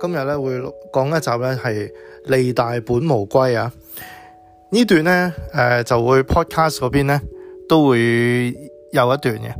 今日咧會講一集咧係利大本無歸啊！這段呢段咧誒就會 podcast 嗰邊咧都會有一段嘅，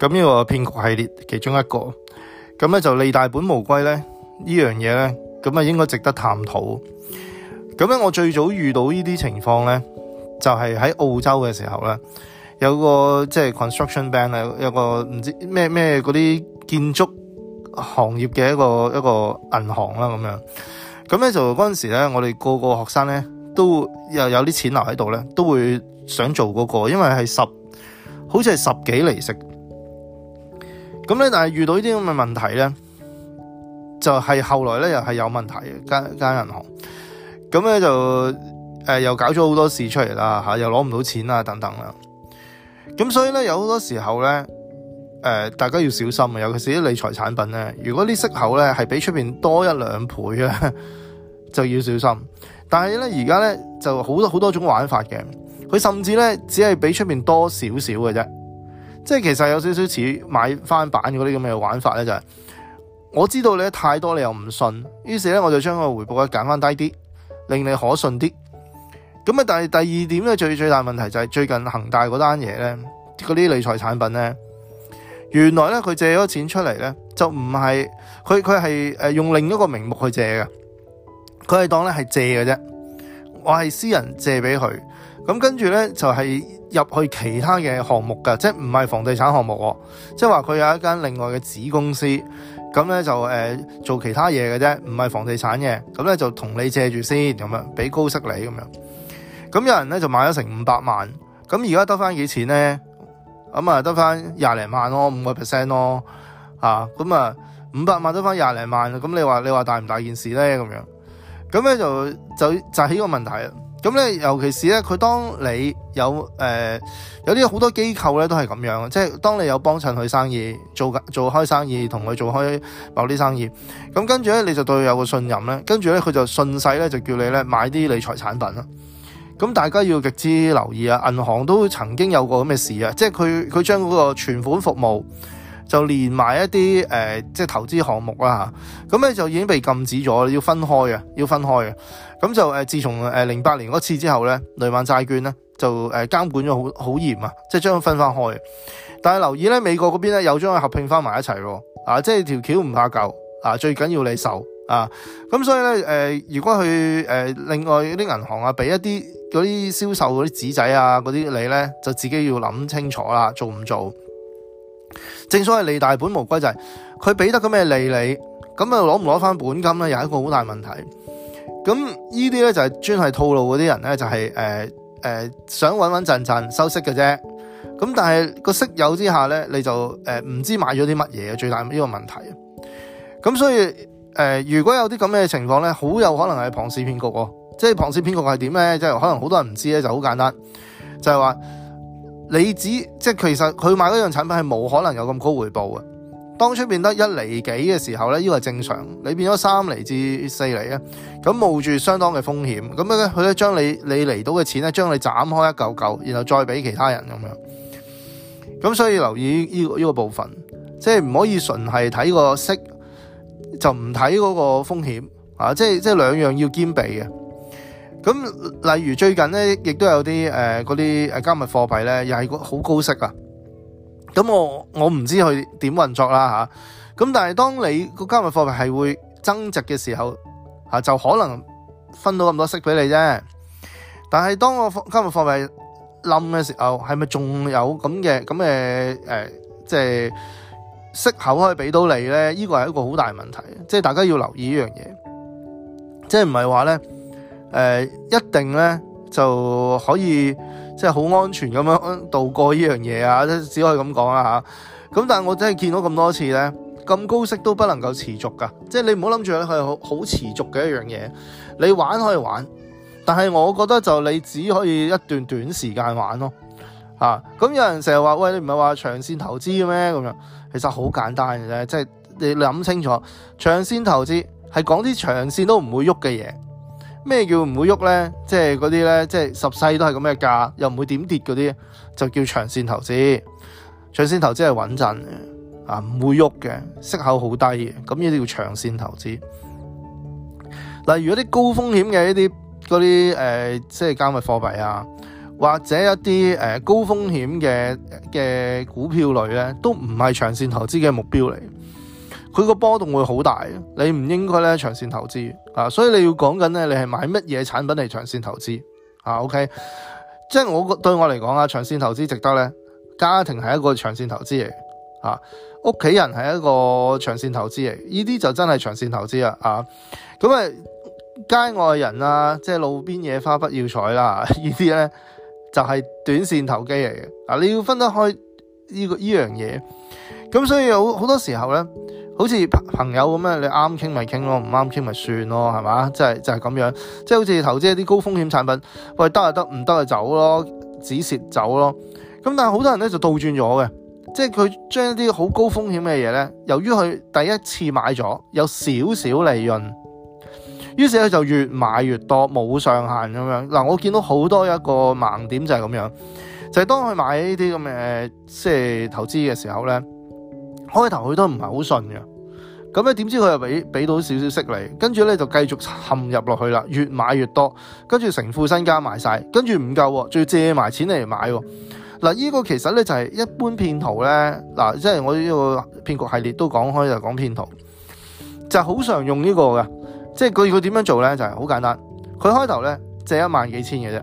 咁呢個騙局系列其中一個，咁咧就利大本無歸咧呢樣嘢咧，咁、這、啊、個、應該值得探討。咁咧我最早遇到這些況呢啲情況咧，就係、是、喺澳洲嘅時候咧，有個即係、就是、construction band 啊，有個唔知咩咩嗰啲建築。行業嘅一個一個銀行啦咁樣，咁咧就嗰陣時咧，我哋個個學生咧都又有啲錢留喺度咧，都會想做嗰個，因為係十好似係十幾厘息。咁咧，但係遇到呢啲咁嘅問題咧，就係後來咧又係有問題嘅間間銀行，咁咧就誒又搞咗好多事出嚟啦嚇，又攞唔到錢啊等等啦。咁所以咧有好多時候咧。誒、呃，大家要小心啊！尤其是啲理財產品咧，如果啲息口咧係比出邊多一兩倍咧， 就要小心。但係咧，而家咧就好多好多種玩法嘅，佢甚至咧只係比出邊多少少嘅啫，即係其實有少少似買翻版嗰啲咁嘅玩法咧，就係我知道你太多，你又唔信，於是咧我就將個回報咧減翻低啲，令你可信啲。咁啊，但係第二點咧最最大問題就係、是、最近恆大嗰單嘢咧，嗰啲理財產品咧。原來咧，佢借咗錢出嚟咧，就唔係佢佢係誒，用另一個名目去借嘅，佢係當咧係借嘅啫。我係私人借俾佢，咁跟住咧就係入去其他嘅項目噶，即係唔係房地產項目喎，即係話佢有一間另外嘅子公司，咁咧就誒做其他嘢嘅啫，唔係房地產嘅，咁咧就同你借住先咁樣，俾高息你咁樣。咁有人咧就買咗成五百萬，咁而家得返幾錢咧？咁啊，得翻廿零萬咯，五個 percent 咯，嚇咁啊，五百萬得翻廿零萬啊，咁你話你話大唔大件事咧？咁樣，咁咧就就就起個問題啦。咁咧，尤其是咧，佢當你有誒、呃、有啲好多機構咧，都係咁樣，即係當你有幫襯佢生意，做做開生意，同佢做開某啲生意，咁跟住咧你就對佢有個信任咧，跟住咧佢就順勢咧就叫你咧買啲理財產品啦。咁大家要極之留意啊！銀行都曾經有過咁嘅事啊，即係佢佢將嗰個存款服務就連埋一啲、呃、即係投資項目啦嚇。咁咧就已經被禁止咗，要分開啊，要分開啊。咁就、呃、自從誒零八年嗰次之後咧，雷曼債券咧就誒、呃、監管咗好好嚴啊，即係將佢分翻開。但係留意咧，美國嗰邊咧又將佢合併翻埋一齊喎啊！即係條橋唔怕舊啊，最緊要你受啊。咁所以咧誒、呃，如果去、呃、另外啲銀行啊，俾一啲。嗰啲銷售嗰啲紙仔啊，嗰啲你咧就自己要諗清楚啦，做唔做？正所謂利大本無歸、就是，利利就係佢俾得咁嘅利你，咁啊攞唔攞翻本金咧，又係一個好大問題。咁呢啲咧就係專係套路嗰啲人咧，就係誒誒想穩穩陣陣收息嘅啫。咁但係個息誘之下咧，你就誒唔、呃、知買咗啲乜嘢嘅，最大呢個問題。咁所以誒、呃，如果有啲咁嘅情況咧，好有可能係龐氏騙局、哦。即係龐氏騙局係點呢？即係可能好多人唔知咧，就好簡單就係、是、話你指即係其實佢買嗰樣產品係冇可能有咁高回報嘅。當初變得一厘幾嘅時候呢，呢、這個係正常。你變咗三厘至四厘咧，咁冒住相當嘅風險咁咧，佢咧將你你嚟到嘅錢咧，將你斬開一嚿嚿，然後再俾其他人咁樣。咁所以留意、這個呢、這個部分，即係唔可以純係睇個息就唔睇嗰個風險啊！即係即係兩樣要兼備嘅。咁例如最近咧，亦都有啲誒嗰啲誒加密貨幣咧，又係好高息啊！咁我我唔知佢點運作啦嚇。咁但係當你個加密貨幣係會增值嘅時候，就可能分到咁多息俾你啫。但係當我加密貨幣冧嘅時候，係咪仲有咁嘅咁嘅誒，即係息口可以俾到你咧？呢個係一個好大問題，即係大家要留意呢樣嘢，即係唔係話咧？誒、呃、一定咧就可以即係好安全咁樣度過呢樣嘢啊！都只可以咁講啦嚇。咁、啊、但係我真係見到咁多次咧，咁高息都不能夠持續噶。即係你唔好諗住佢係好持續嘅一樣嘢。你玩可以玩，但係我覺得就你只可以一段短時間玩咯。嚇、啊、咁有人成日話喂，你唔係話長線投資嘅咩？咁樣其實好簡單嘅啫，即係你諗清楚，長線投資係講啲長線都唔會喐嘅嘢。咩叫唔會喐呢？即係嗰啲呢，即係十世都係咁嘅價，又唔會點跌嗰啲，就叫長線投資。長線投資係穩陣嘅，啊唔會喐嘅，息口好低嘅，咁呢啲叫長線投資。例如一啲高風險嘅一啲嗰啲、呃、即係加密貨幣啊，或者一啲、呃、高風險嘅嘅股票類呢，都唔係長線投資嘅目標嚟。佢個波動會好大，你唔應該咧長線投資啊。所以你要講緊咧，你係買乜嘢產品嚟長線投資啊？OK，即係我對我嚟講啊，長線投資值得咧。家庭係一個長線投資嚟，啊，屋企人係一個長線投資嚟，呢啲就真係長線投資啊。啊，咁啊街外人啊，即係路邊野花不要採啦。呢啲咧就係短線投機嚟嘅。你要分得開呢個呢樣嘢咁，所以好好多時候咧。好似朋友咁樣，你啱傾咪傾咯，唔啱傾咪算咯，係嘛？即係就係咁樣，即係、就係就係就係、好似投資一啲高風險產品，喂，得啊得，唔得就就走咯，止蝕走咯。咁但係好多人咧就倒轉咗嘅，即係佢將一啲好高風險嘅嘢咧，由於佢第一次買咗有少少利潤，於是佢就越買越多，冇上限咁樣嗱。我見到好多一個盲點就係咁樣，就係、係、當佢買呢啲咁嘅即係投資嘅時候咧。開頭佢都唔係好信嘅，咁咧點知佢又俾俾到少少息嚟？跟住咧就繼續陷入落去啦，越買越多，跟住成副身家賣晒，跟住唔夠，仲要借埋錢嚟買喎。嗱、這、呢個其實咧就係一般騙徒咧，嗱即係我呢個騙局系列都講開就講、是、騙徒，就好、是、常用呢個嘅，即係佢佢點樣做咧就係、是、好簡單，佢開頭咧借一萬幾千嘅啫，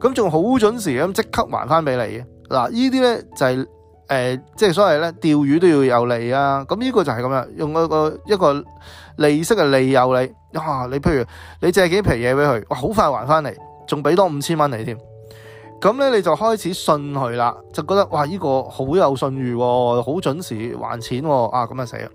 咁仲好準時咁即刻還翻俾你嘅。嗱呢啲咧就係、是。誒、呃，即係所謂咧，釣魚都要有利啊！咁呢個就係咁樣用一個一個利息嘅利誘你啊！你譬如你借幾皮嘢俾佢，哇，好快還翻嚟，仲俾多五千蚊你添，咁咧你就開始信佢啦，就覺得哇呢個好有信譽，啊，好準時還錢啊，啊咁啊死啦！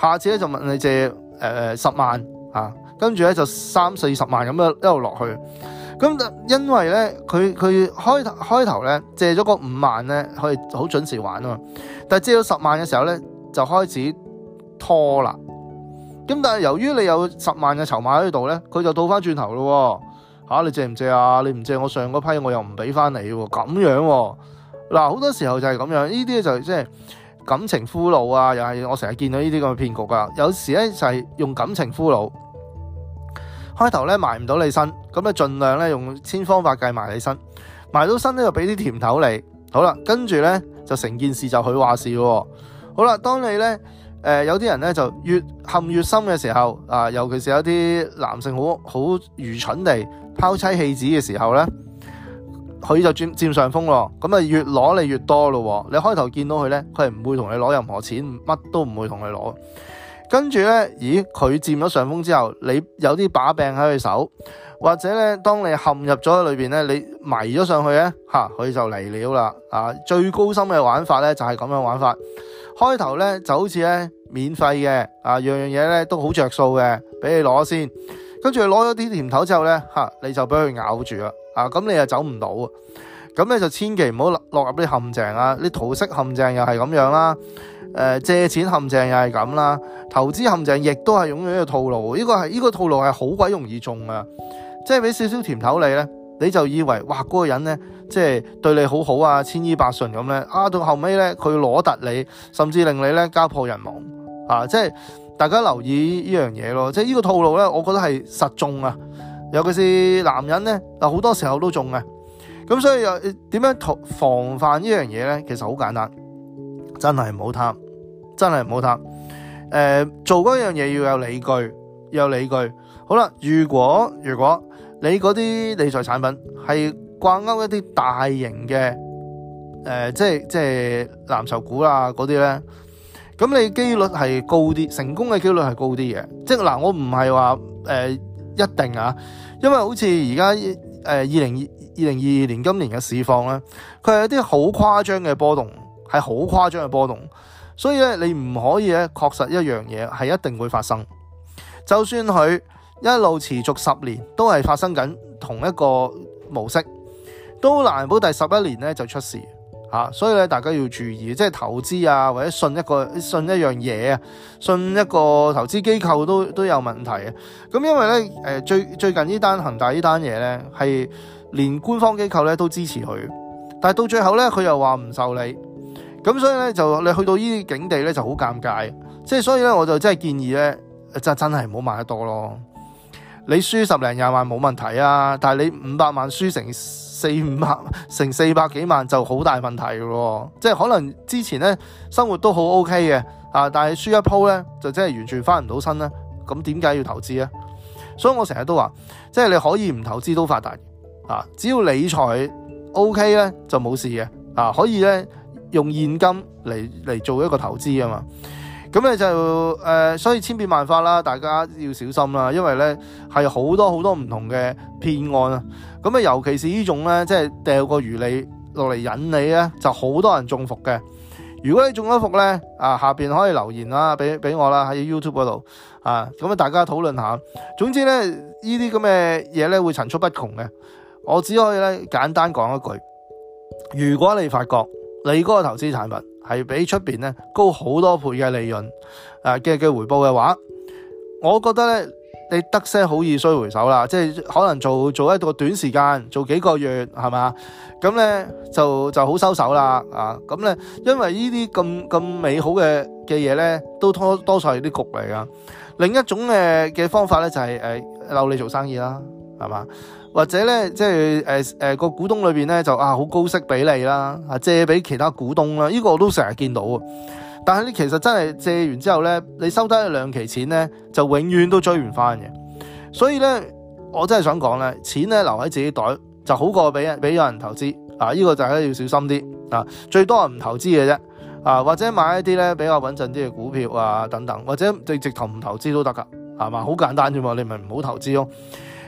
下次咧就問你借誒十萬啊，跟住咧就三四十萬咁樣一路落去。咁但因為咧，佢佢開，開頭開頭咧借咗個五萬咧，可以好準時還啊嘛。但借咗十萬嘅時候咧，就開始拖啦。咁但由於你有十萬嘅籌碼喺度咧，佢就倒翻轉頭咯。嚇、啊，你借唔借啊？你唔借我上嗰批，我又唔俾翻你喎。咁樣嗱、啊，好多時候就係咁樣，呢啲就即係感情俘虜啊！又係我成日見到呢啲咁嘅騙局啊。有時咧就係用感情俘虜。開頭咧，埋唔到你身，咁咧盡量咧用千方法計埋你身，埋到身咧就俾啲甜頭你，好啦，跟住咧就成件事就佢話事喎。好啦，當你咧誒、呃、有啲人咧就越陷越深嘅時候，啊，尤其是有啲男性好好愚蠢地拋妻棄子嘅時候咧，佢就佔佔上風咯。咁啊越攞你越多咯。你開頭見到佢咧，佢係唔會同你攞任何錢，乜都唔會同你攞。跟住咧，咦，佢佔咗上風之後，你有啲把柄喺佢手，或者咧，當你陷入咗喺裏邊咧，你迷咗上去咧，吓、啊，佢就嚟了啦。啊，最高深嘅玩法咧就係、是、咁樣玩法。開頭咧就好似咧免費嘅，啊樣樣嘢咧都好着數嘅，俾你攞先。跟住攞咗啲甜頭之後咧、啊，你就俾佢咬住啦。啊咁你又走唔到。咁咧就千祈唔好落入啲陷阱啊，啲桃色陷阱又係咁樣啦。誒借錢陷阱又係咁啦，投資陷阱亦都係用咗一個套路。呢個係呢個套路係好鬼容易中啊！即係俾少少甜頭你咧，你就以為哇嗰個人咧，即係對你好好啊，千依百順咁咧，啊到後尾咧佢攞突你，甚至令你咧家破人亡啊！即係大家留意呢樣嘢咯，即係呢個套路咧，我覺得係實中啊，尤其是男人咧，嗱好多時候都中嘅。咁所以又點樣防防範呢樣嘢咧？其實好簡單，真係唔好貪。真係唔好答。誒、呃，做嗰樣嘢要有理據，要有理據。好啦，如果如果你嗰啲理財產品係掛鈎一啲大型嘅，誒、呃，即係即係藍籌股啦，嗰啲咧，咁你幾率係高啲，成功嘅幾率係高啲嘅。即係嗱、呃，我唔係話誒一定啊，因為好似而家誒二零二二零二二年今年嘅市況咧，佢係一啲好誇張嘅波動，係好誇張嘅波動。所以咧，你唔可以咧，確實一樣嘢，係一定會發生，就算佢一路持續十年，都係發生緊同一個模式，都難保第十一年咧就出事嚇。所以咧，大家要注意，即係投資啊，或者信一個信一樣嘢啊，信一個投資機構都都有問題嘅。咁因為咧，誒，最最近呢單恆大呢單嘢咧，係連官方機構咧都支持佢，但係到最後咧，佢又話唔受理。咁所以咧就你去到呢啲境地咧就好尷尬，即係所以咧我就真係建議咧，就真係唔好買得多咯。你輸十零廿萬冇問題啊，但係你五百萬輸成四五百，成四百幾萬就好大問題嘅喎。即係可能之前咧生活都好 OK 嘅啊，但係輸一鋪咧就真係完全翻唔到身咧。咁點解要投資咧？所以我成日都話，即係你可以唔投資都發達啊，只要理財 OK 咧就冇事嘅啊，可以咧。用現金嚟嚟做一個投資啊嘛，咁咧就誒、呃，所以千變萬化啦，大家要小心啦，因為咧係好多好多唔同嘅騙案啊，咁啊尤其是這種呢種咧，即係掉個魚餌落嚟引你咧，就好多人中伏嘅。如果你中咗伏咧，啊下邊可以留言啦，俾俾我啦喺 YouTube 嗰度啊，咁啊大家討論下。總之咧，這些東西呢啲咁嘅嘢咧會層出不窮嘅，我只可以咧簡單講一句，如果你發覺，你嗰個投資產品係比出面咧高好多倍嘅利潤、嘅嘅回報嘅話，我覺得咧你得些好易衰回手啦，即係可能做做一個短時間，做幾個月係嘛，咁咧就就好收手啦，啊，咁咧因為呢啲咁咁美好嘅嘅嘢咧，都多多數係啲局嚟㗎。另一種嘅方法咧就係誒鬧你做生意啦，係嘛？或者咧，即係誒誒個股東裏邊咧就啊好高息俾你啦，啊借俾其他股東啦，呢個我都成日見到啊。但係你其實真係借完之後咧，你收得一兩期錢咧，就永遠都追唔翻嘅。所以咧，我真係想講咧，錢咧留喺自己袋就好過俾俾有人投資啊。呢個大家要小心啲啊。最多係唔投資嘅啫啊，或者買一啲咧比較穩陣啲嘅股票啊等等，或者直直投唔投資都得噶，係嘛？好簡單啫嘛，你咪唔好投資咯、哦。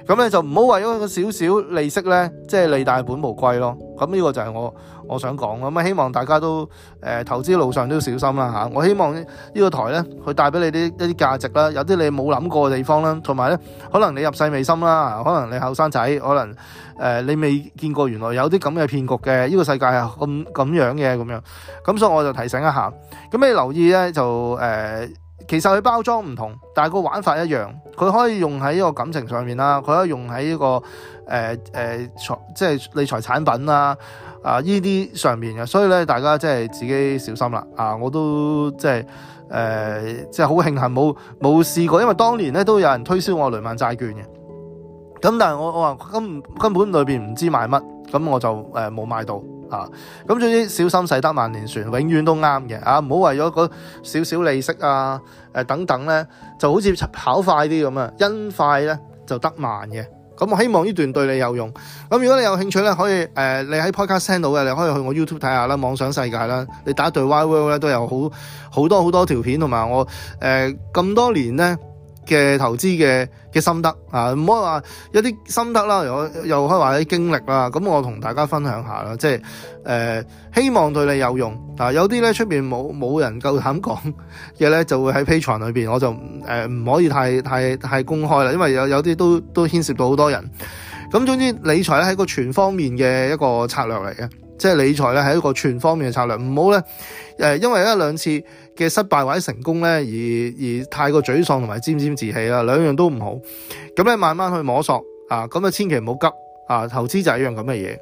咁咧就唔好為咗個少少利息咧，即係利大本無歸咯。咁呢個就係我我想講咁啊，希望大家都誒投資路上都要小心啦嚇。我希望呢個台咧，佢帶俾你啲一啲價值啦，有啲你冇諗過嘅地方啦，同埋咧可能你入世未深啦，可能你後生仔，可能誒你未見過原來有啲咁嘅騙局嘅呢個世界係咁咁樣嘅咁樣。咁所以我就提醒一下，咁你留意咧就誒。其實佢包裝唔同，但係個玩法一樣。佢可以用喺呢個感情上面啦，佢可以用喺呢、這個誒誒、呃呃、財即係理財產品啦啊呢啲、呃、上面嘅，所以咧大家即係自己小心啦啊！我都即係誒即係好慶幸冇冇試過，因為當年咧都有人推銷我雷曼債券嘅，咁但係我我話根根本裏邊唔知買乜，咁我就誒冇、呃、買到。啊，咁總之小心使得萬年船，永遠都啱嘅。啊，唔好為咗嗰少少利息啊，誒、啊啊、等等咧，就好似跑快啲咁啊，因快咧就得慢嘅。咁、啊、我希望呢段對你有用。咁、啊、如果你有興趣咧，可以誒、呃，你喺 Podcast 度嘅，你可以去我 YouTube 睇下啦，妄、啊、想世界啦、啊，你打對 Y World 咧都有好好多好多條片同埋我誒咁、呃、多年咧嘅投資嘅嘅心得啊，唔好話一啲心得啦，又又可以話啲經歷啦，咁我同大家分享下啦，即係、呃、希望對你有用啊。有啲咧出面冇冇人夠膽講嘅咧，就會喺 Patreon 裏邊，我就、呃、唔可以太太太公開啦，因為有有啲都都牽涉到好多人。咁總之理財咧係一個全方面嘅一個策略嚟嘅，即係理財咧係一個全方面嘅策略，唔好咧因為一兩次嘅失敗或者成功咧，而而太過沮喪同埋沾沾自喜啦，兩樣都唔好。咁咧慢慢去摸索啊，咁啊千祈唔好急啊。投資就係一樣咁嘅嘢。